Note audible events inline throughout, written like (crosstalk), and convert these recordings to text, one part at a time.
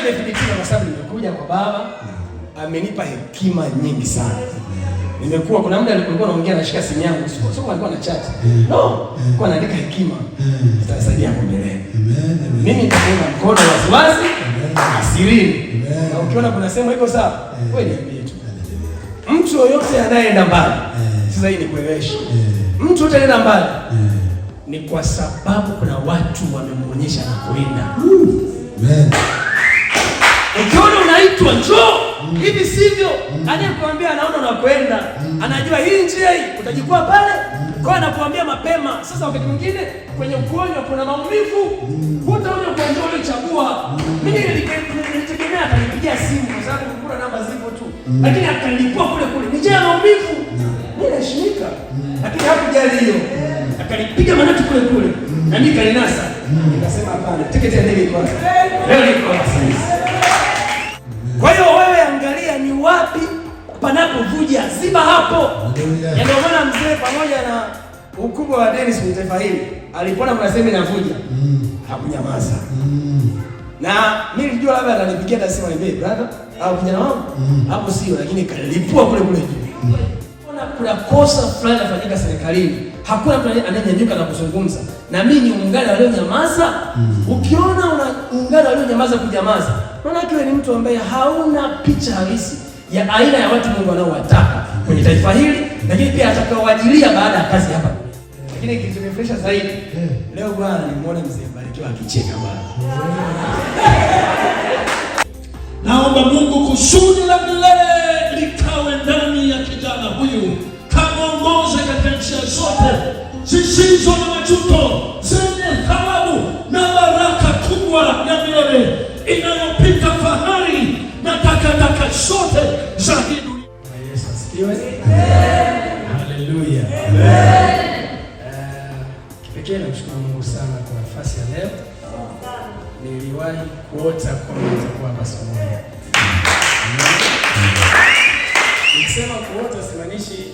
imethibitishwa kwa sababu nimekuja kwa baba, amenipa hekima nyingi sana. Nimekuwa kuna muda nilikuwa naongea nashika simu yangu, sio sio alikuwa na chat. No, kwa naandika hekima. Itasaidia hapo mbele. Mimi nitakuunga mkono wasiwasi asirini. Na ukiona kuna sehemu iko sawa, wewe niambie tu. Mtu yoyote anayeenda mbali, sasa hii nikueleweshe. Mtu yote anayeenda mbali ni kwa sababu kuna watu wamemwonyesha na kuenda. Amen. Ukiona unaitwa njoo, mm. hivi sivyo? Mm. anayekuambia yaani anaona unakwenda, mm. anajua hii njia hii utajikua pale, kwa anakuambia mapema. Sasa wakati mwingine kwenye ugonjwa kuna maumivu, hutaona kwa njoo ulichagua Mimi nilitegemea atanipigia simu kwa sababu kuna namba zipo tu, lakini akalipua kule kule, ni njia ya maumivu, mimi nashimika, lakini hakujali hiyo, akanipiga manati kule kule na mimi kalinasa, nikasema hapana, tiketi ya nini kwanza, leo niko hapa sasa kwa hiyo wewe angalia ni wapi panapovuja, ziba hapo. Ndio maana mzee pamoja na ukubwa wa Dennis kwenye taifa hili alipona kuna sehemu inavuja, mm. hakunyamaza mm. na mimi nilijua labda na tasema hivi brother au kijana wangu mm. hapo sio, lakini kalipua kule kule juu. Kuna kuna kosa fulani nafanyika serikalini, hakuna mtu anayenyanyuka na kuzungumza, na mimi ni ungana walio nyamaza. Ukiona unaungana ungana walio nyamaza kunyamaza maana yake ni mtu ambaye hauna picha halisi ya aina ya watu Mungu anaowataka kwenye taifa hili, lakini pia atakaowajilia baada ya kazi hapa. Lakini kilichonifurahisha zaidi eh. leo bwana, nimuona mzee Barikiwa akicheka bwana. (laughs) Naomba Mungu kusudi la milele likawe ndani ya kijana huyu, kamuongoze katika njia zote zisizo na majuto. zote za hii dunia. Yesu asifiwe. Haleluya. Kipekee namshukuru Mungu sana kwa nafasi ya leo. Niliwahi kuota kwamba nitakuwa hapa Nikisema kuota simaanishi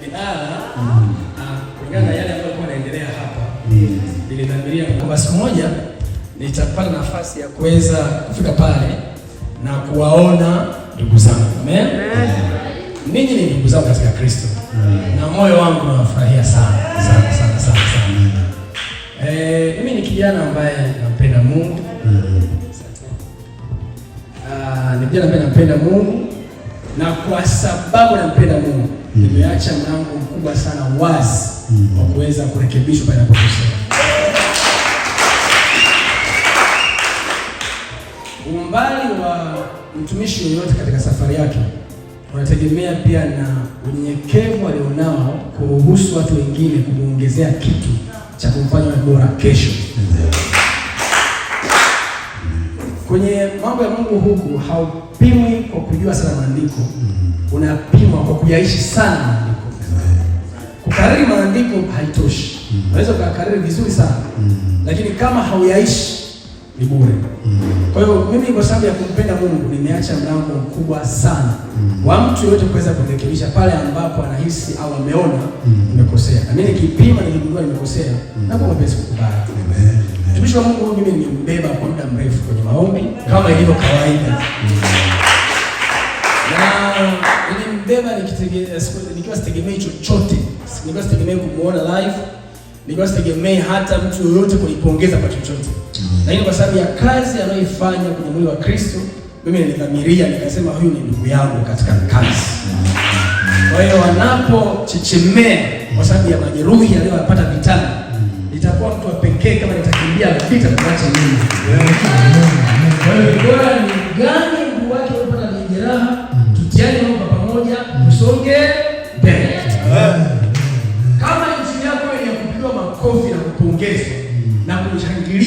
bidhaa, mm-hmm. ah, kulingana na yale ambayo naendelea hapa. Mm-hmm. Nilidhamiria kwamba siku moja nitapata nafasi ya kuweza kufika pale na kuwaona ndugu zangu. Amen. Ninyi ni ndugu zangu katika Kristo na moyo wangu nawafurahia sana sana sana sana sana. Eh, mimi ni kijana ambaye nampenda Mungu. Ah, ni kijana ambaye nampenda Mungu na kwa sababu nampenda Mungu nimeacha mlango mkubwa sana wazi wa kuweza kurekebishwa pale ninapokosea. mtumishi yoyote katika safari yake unategemea pia na unyenyekevu alionao kuruhusu watu wengine kumuongezea kitu cha kumfanya bora kesho. Kwenye mambo ya Mungu huku haupimwi kwa kujua sana maandiko, unapimwa kwa kuyaishi sana maandiko. Kukariri maandiko haitoshi, unaweza ukakariri vizuri sana, mm. lakini kama hauyaishi ni bure. Mm. Kwa hiyo mimi kwa sababu ya kumpenda Mungu nimeacha mlango mkubwa sana mm. wa mtu yoyote kuweza kurekebisha pale ambapo anahisi au ameona mm. nimekosea. Na mimi nikipima niligundua nimekosea mm. na kwa mapesi kukubali. Amen. Mtumishi wa Mungu mimi nimembeba kwa muda mrefu kwenye maombi kama ilivyo kawaida. Mm. Na nimembeba nikiwa sitegemei chochote. Nikiwa sitegemei kumuona live, nikiwa sitegemei hata mtu yoyote kunipongeza kwa chochote. Mm lakini kwa sababu ya kazi anayoifanya kwenye mwili wa Kristo, mimi nilidhamiria nikasema, huyu ni ndugu yangu katika kazi. Kwa hiyo wanapochechemea kwa sababu ya majeruhi aliyoyapata vitani, nitakuwa mtu wa pekee kama nitakimbia vita kuacha mimi. Kwa hiyo ni gani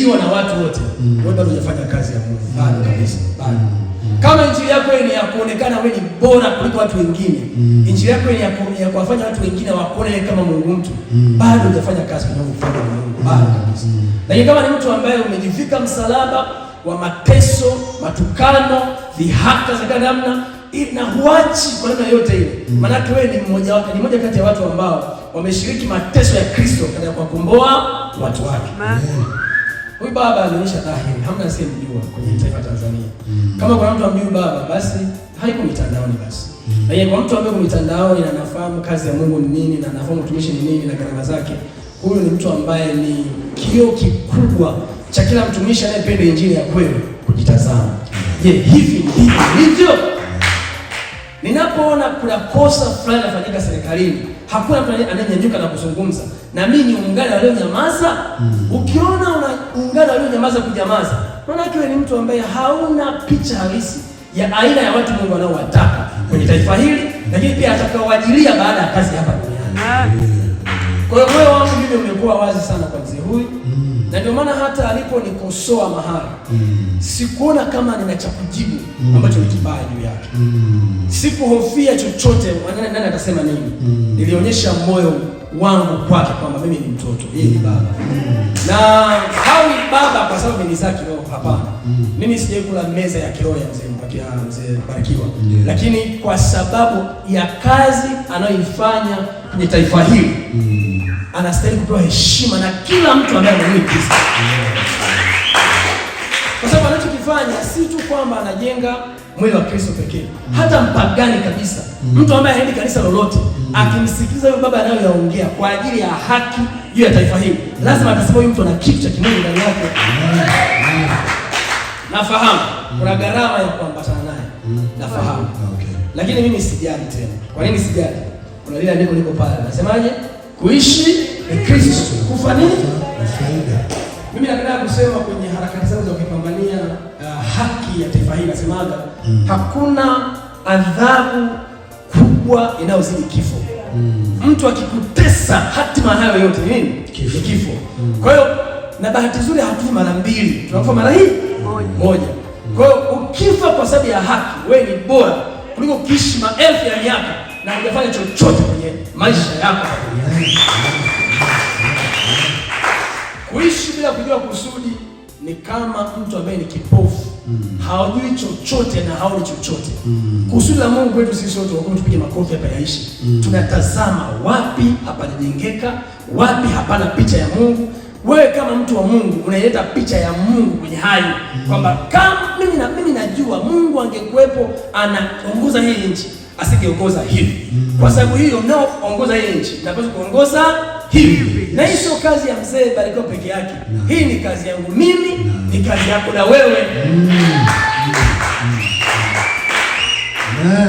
kuhubiriwa na watu wote, mm. wewe bado hujafanya kazi ya Mungu mm. bado kabisa, mm. bado. Kama injili yako ni ya kuonekana wewe ni bora kuliko watu wengine, mm. injili yako ni ya kuwafanya watu wengine wakuone kama Mungu mtu, mm. bado hujafanya kazi ya Mungu bado kabisa. Lakini kama ni mtu ambaye umejifika msalaba wa mateso, matukano, dhihaka za namna na huachi kwa namna yote ile, mm. maanake wewe ni mmoja wake, ni mmoja kati ya watu ambao wameshiriki mateso ya Kristo katika kuwakomboa watu wake. yeah. Huyu baba anaonyesha dhahiri, hamna asiyemjua kwenye mm. taifa Tanzania. Mm. Kama kuna mtu amjui baba, basi hayuko mitandaoni basi. Mm. Na yeye kwa mtu ambaye mitandaoni na anafahamu kazi ya Mungu ni nini na anafahamu utumishi ni nini na gharama zake, huyu ni mtu ambaye ni kioo kikubwa cha kila mtumishi anayependa injili ya kweli kujitazama. Je, hivi ndivyo ninapoona kuna kosa fulani linafanyika serikalini hakuna mtu anayenyanyuka na kuzungumza na mimi ni ungana walionyamaza. mm. Ukiona una ungana walionyamaza kunyamaza, maana yake ni mtu ambaye hauna picha halisi ya aina ya watu Mungu anaowataka kwenye taifa hili, lakini pia atakaoajiria baada ya kazi hapa duniani. Kwa hiyo moyo wangu mimi umekuwa wazi sana kwa mzee huyu. mm na ndio maana hata aliponikosoa mahali mm. sikuona kama nina cha kujibu mm. ambacho ni kibaya juu yake mm. sikuhofia chochote nani atasema nini mm. nilionyesha moyo wangu kwake kwamba mimi ni mtoto, yeye ni baba mm. na hawi baba kwa sababu ni zake hapana mm. mimi sijai kula meza ya kiroho ya mzee mzee Barikiwa yeah. lakini kwa sababu ya kazi anayoifanya kwenye taifa hili mm anastahili kupewa heshima na kila mtu ambaye anamwamini Kristo, kwa sababu anachokifanya si tu kwamba anajenga mwili wa Kristo pekee. Hata mpagani kabisa, mm. mtu ambaye haendi kanisa lolote, mm. akimsikiliza huyo baba anayoyaongea kwa ajili ya haki juu ya taifa hili, lazima atasema huyu mtu ana kitu cha kimungu ndani yake. Nafahamu mm. kuna gharama ya kuambatana naye, nafahamu, lakini mimi sijali tena. Kwa nini sijali? Kuna lile andiko liko pale, nasemaje? Kuishi ni Kristo, kufa ni faida. Mimi nataka kusema kwenye harakati zangu za kupambania uh, haki ya taifa hili nasemaga mm. hakuna adhabu kubwa inayozidi kifo mm. Mtu akikutesa hatima hayo yote ni nini? Kifo, kifo. Mm. Kwa hiyo na bahati nzuri hatufi mara mbili, tunakufa mara hii moja. Hmm. Kwa hiyo ukifa kwa sababu ya haki, wewe ni bora kuliko ukiishi maelfu ya miaka na hujafanya chochote kwenye maisha yako Kuishi bila kujua kusudi ni kama mtu ambaye ni kipofu mm. hawajui chochote na haoni chochote mm. kusudi la Mungu kwetu sisi wote, wakati tupige makofi hapa yaishi mm. tunatazama wapi hapanajengeka, wapi hapana picha ya Mungu. Wewe kama mtu wa Mungu unaileta picha ya Mungu kwenye hayo mm. kwamba kama mimi na mimi najua Mungu angekuwepo anaongoza hii nchi asingeongoza hivi. Mm. Kwa sababu hiyo naoongoza hii nchi mtapaswa kuongoza hivi, na hii sio kazi ya mzee Barikiwa peke yake. Hii ni kazi yangu mimi, ni kazi yako na wewe. Mm.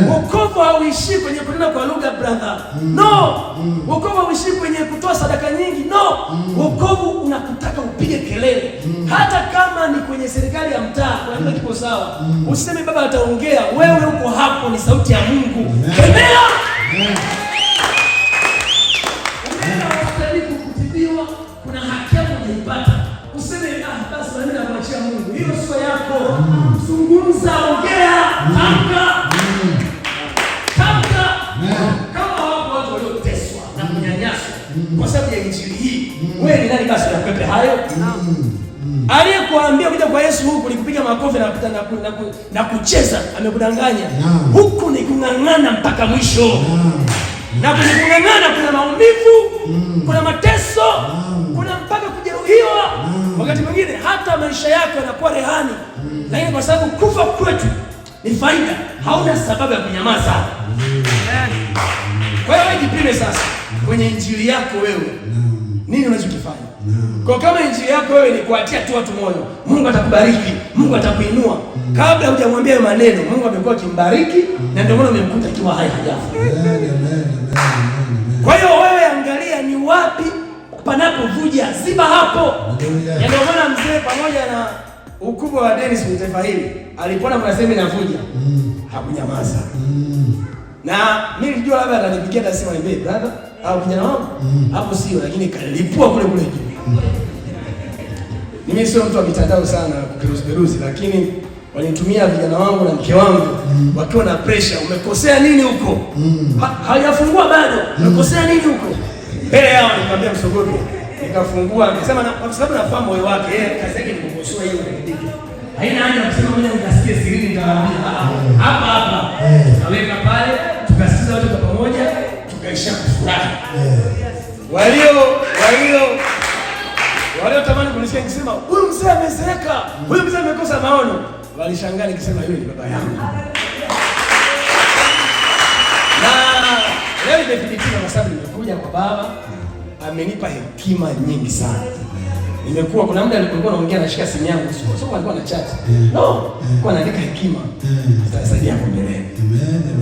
Wokovu hauishii kwenye kunena kwa lugha brother. Mm. No. Mm. Wokovu hauishii kwenye kutoa sadaka nyingi. No. Mm. Wokovu unakutaka upige kelele. Hata kama ni kwenye serikali ya mtaa, kuna kiko sawa. Usiseme baba ataongea, wewe uko hapo ni sauti ya Mungu. Kemea. Kuna haki yako unaipata. Useme ah, basi mimi namwachia Mungu. Hiyo sio yako. Zungumza, ongea, tamka. hayo? Mm. Mm. Aliyekuambia kuja kwa Yesu huku ni kupiga makofi na, na, na, na kucheza amekudanganya. Huku ni kung'ang'ana mpaka mwisho. Na kung'ang'ana kuna maumivu, mm. kuna mateso, kuna mpaka kujeruhiwa, wakati mwingine hata maisha yako yanakuwa rehani, mm. lakini kwa sababu kufa kwetu ni faida, hauna sababu ya kunyamaza. Mm. Kwa hiyo wewe jipime sasa kwenye injili yako wewe, nini unachokifanya? Kwa kama injili yako wewe ni kuatia tu watu moyo, Mungu atakubariki, Mungu atakuinua. Kabla hujamwambia maneno, Mungu amekuwa akimbariki na ndio maana umemkuta akiwa hai hajafa. Kwa hiyo wewe angalia ni wapi panapovuja, ziba hapo. Ndio maana mzee pamoja na ukubwa wa Dennis kwenye taifa hili alipona kuna sehemu inavuja, mm. hakunyamaza. Mm. Na mimi nilijua labda ananipigia simu, ni "Hey brother au kijana wangu mm. hapo sio," lakini kalipua kule kule juu. Mimi sio mtu wa mitandao sana kuperuziperuzi, lakini walinitumia vijana wangu na mke wangu mm. wakiwa na pressure, umekosea nini huko? Mm. Hajafungua bado, mm. umekosea nini huko? Mbele yao nikamwambia msogoto, nikafungua nikasema, na kwa sababu nafahamu moyo wake, yeye kazi yake ni kukosoa hiyo kidiki. Haina haja ya kusema mimi nikasikia siri, nikamwambia ah, ah, hapa hapa, eh. kaweka pale, tukasikiza wote kwa pamoja, tukaisha kufurahi eh. walio walio waliotamani kunisikia nikisema huyu mzee amezeeka, mm. huyu mzee amekosa maono, walishangaa nikisema yule ni baba yangu. Na Leo imethibitishwa kwa sababu nimekuja kwa baba, amenipa hekima nyingi sana. Nimekuwa kuna muda nilipokuwa naongea nashika simu yangu, sio sio alikuwa na chat. No, kwa anaandika hekima. Zitasaidia hapo mbele.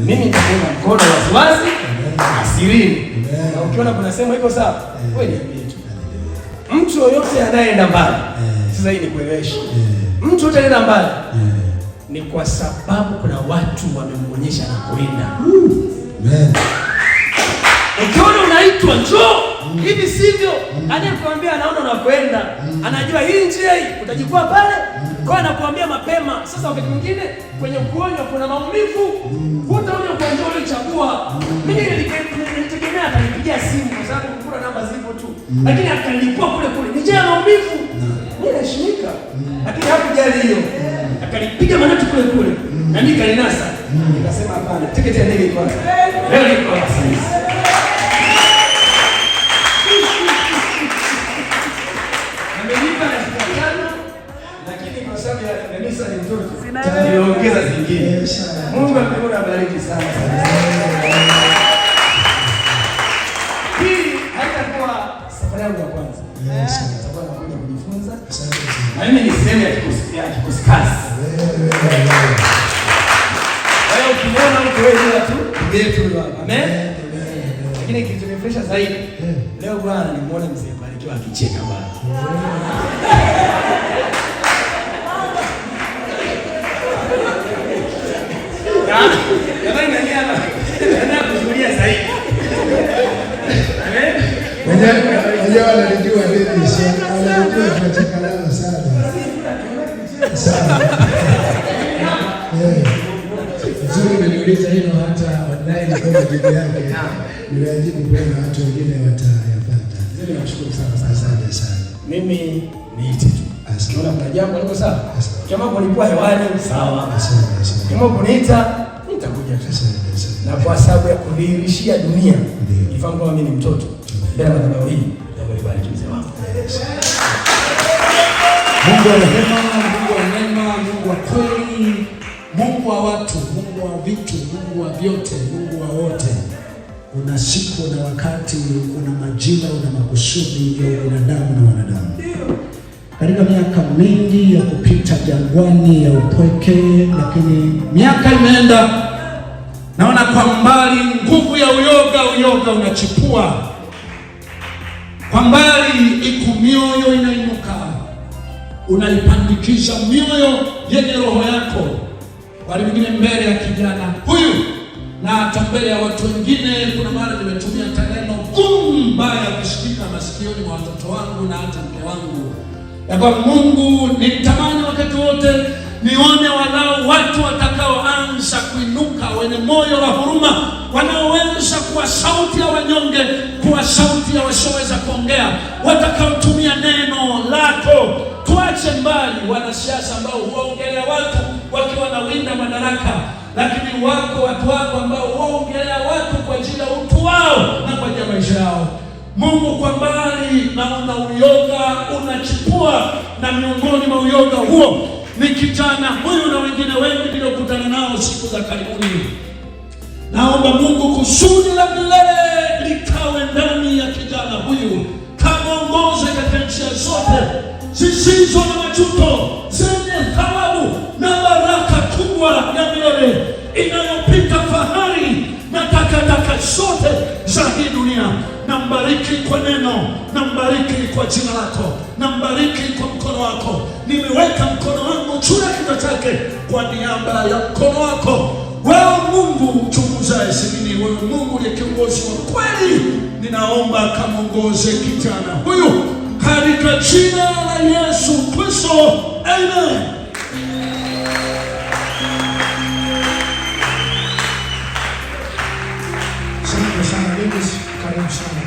Mimi nitakuwa mkono waziwazi asirini. Na ukiona kuna sema iko sawa, wewe niambie tu mtu yoyote anayeenda mbali yeah. Sasa hii ni nikueleweshe yeah. Mtu yoyote anayeenda mbali yeah. Ni kwa sababu kuna watu wamemwonyesha na kuenda eh. ukiona yeah. Unaitwa njoo mm. hivi sivyo, mm. Anayekuambia anaona unakwenda, mm. anajua hii njia hii utajikua pale, mm. kwa anakuambia mapema. Sasa wakati mwingine kwenye mm. ugonjwa kuna maumivu, hutaona kwa njia uliyochagua. Mimi nilitegemea atanipigia simu kwa sababu kuna namba zipo tu, mm. lakini akalikuwa maumivu mimi naheshimika, mm. lakini hakujali hiyo, akalipiga manati kule kule mm. na mimi kalinasa, mm. nikasema hapana, tiketi ya ndege kwanza leo ni kwa sasa. na kwa sababu Mungu amekuwa bariki sana. hapa nakuja kujifunza, na mimi ni sehemu ya kikosi kazi. Kwa hiyo ukiona mtu wewe tu ndio tu hapa, amen. Lakini kilichonifurahisha zaidi hmm. leo bwana, nimuona mzee Barikiwa akicheka bwana kujulia zaidi Unajua analijua mimi sana. Analijua tunachakalana sana. Sana. Eh. Zuri umeniuliza hilo hata online kwa majibu yake. Nimejibu kwenda watu wengine watayapata. Mimi nashukuru sana sana. Asante sana. Mimi niite tu. Asante. Kuna jambo liko sawa? Kama kulikuwa hewani sawa. Asante. Kama kuniita nitakuja tu. Asante. Na kwa sababu ya kudhihirishia dunia, nifahamu kwamba mimi ni mtoto. Bila madhabahu hii. Mungu wa rehema, Mungu wa neema, Mungu wa kweli, Mungu wa watu, Mungu wa vitu, Mungu wa vyote, Mungu wa wote. Una siku, una wakati, una majina una makusudi ya binadamu na wanadamu. Katika miaka mingi ya kupita jangwani ya upweke, lakini miaka imeenda, naona kwa mbali nguvu ya uyoga, uyoga unachipua kwa mbali iko mioyo inainuka, unaipandikisha mioyo yenye roho yako, wali mwingine mbele ya kijana huyu na hata mbele ya watu wengine. Kuna mara nimetumia taneno gumu mbaya kushikika masikioni mwa watoto wangu na hata mke wangu, ya kwa Mungu nitamani wakati wote nione walau watu watakaoanza kuinuka, wenye moyo wa huruma, wanaoweza kuwa sauti ya wanyonge kuinua sauti ya wasioweza kuongea, watakaotumia neno lako. Tuache mbali wanasiasa ambao huwaongelea watu wakiwa na winda madaraka, lakini wako watu wako ambao huwaongelea watu kwa ajili ya utu wao na kwa ajili ya maisha yao. Mungu, kwa mbali naona uyoga unachipua, na miongoni mwa uyoga huo ni kijana huyu na wengine wengi niliokutana nao siku za karibuni. Naomba Mungu kusudi la milele zisizo na majuto zenye thawabu na baraka kubwa ya milele inayopita fahari na takataka zote za hii dunia. Nambariki kwa neno, nambariki kwa jina lako, nambariki kwa mkono wako. Nimeweka mkono wangu juu ya kichwa chake kwa niaba ya mkono wako wewe Mungu chunguzaye simini, wewe Mungu ni kiongozi wa kweli, ninaomba kamongoze kijana huyu katika jina la Yesu Kristo, amen. karibu sana.